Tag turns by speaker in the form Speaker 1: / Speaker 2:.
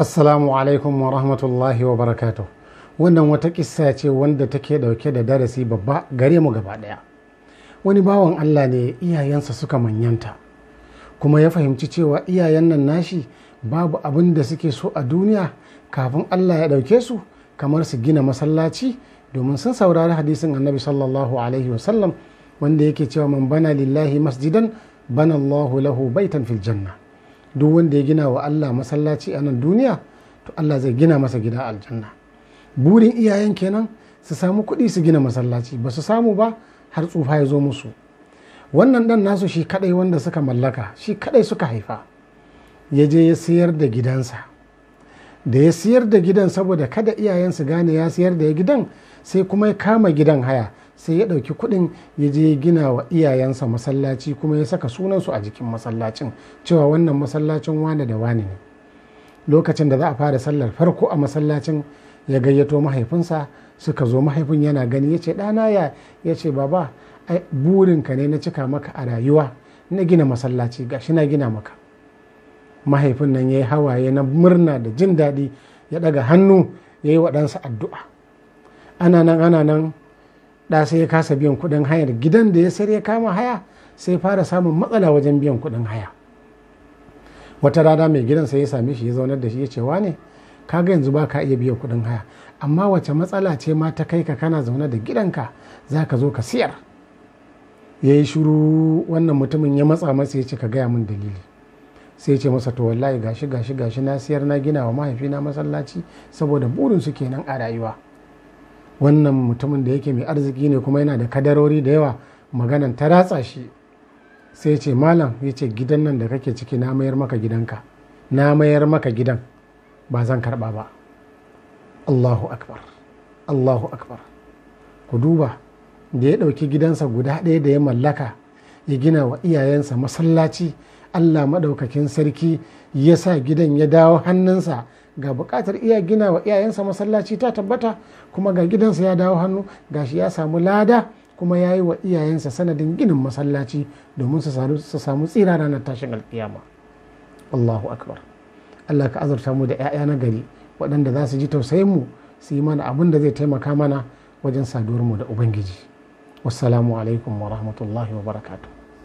Speaker 1: assalamu alaikum wa rahmatullahi wa barakatuh wannan wata kissa ce wanda take dauke da darasi babba gare mu gaba daya wani bawan allah ne iyayensa suka manyanta kuma ya fahimci cewa iyayen nan nashi babu abin da suke so a duniya kafin allah ya dauke su kamar su gina masallaci domin sun saurari hadisin annabi sallallahu alaihi wasallam wanda yake cewa man bana lillahi masjidan bana allahu lahu baitan fil janna duk wanda ya gina wa Allah masallaci a nan duniya to Allah zai gina masa gida aljanna burin iyayen kenan su samu kuɗi su gina masallaci ba su samu ba har tsufa ya zo musu wannan ɗan nasu shi kadai wanda suka mallaka shi kaɗai suka haifa ya je ya siyar da gidansa da ya siyar da gidan saboda kada iyayen su gane ya siyar da gidan sai kuma ya kama gidan haya sai ya ɗauki kuɗin ya je gina wa iyayensa masallaci kuma ya saka sunansu a jikin masallacin cewa wannan masallacin wane da wane ne lokacin da za a fara sallar farko a masallacin ya gayyato mahaifinsa suka zo mahaifin yana gani ya ce ɗana ya ya ce baba burinka ne na cika maka a rayuwa na gina masallaci gashi na gina maka mahaifin nan ya yi hawaye na murna da jin daɗi ya ɗaga hannu ya yi waɗansa addu'a ana nan ana nan da sai ya kasa biyan kuɗin hayar gidan da ya sayar ya kama haya sai fara samun matsala wajen biyan kuɗin haya wata rana mai gidan sai ya same shi ya zaunar da shi ya ce wane kaga yanzu ba ka iya biyan kuɗin haya amma wace matsala ce ma ta kai ka kana zaune da gidanka za ka zo ka siyar ya yi shuru wannan mutumin ya matsa masa ya ce ka gaya min dalili sai ce masa to wallahi gashi gashi gashi na siyar na gina wa mahaifina masallaci saboda burin su kenan a rayuwa wannan mutumin da yake mai arziki ne kuma yana da kadarori da yawa maganan ta ratsa shi sai ce malam ya ce gidan nan da kake ciki na mayar maka gidanka na mayar maka gidan ba zan karba ba allahu akbar allahu akbar ku duba da ya ɗauki gidansa guda ɗaya da ya mallaka ya gina wa iyayensa masallaci allah maɗaukakin sarki ya sa gidan ya dawo hannunsa ga bukatar iya gina wa iyayensa masallaci ta tabbata kuma ga gidansa ya dawo hannu ga shi ya samu lada kuma ya yi wa iyayensa sanadin ginin masallaci domin su samu tsira ranar tashin alkiyama allahu akbar allah ka azurta mu da 'ya'ya na gari waɗanda za su ji tausayin mu su yi mana abin da zai taimaka mana wajen saduwar mu da ubangiji wassalamu alaikum wa rahmatullahi wa barakatu.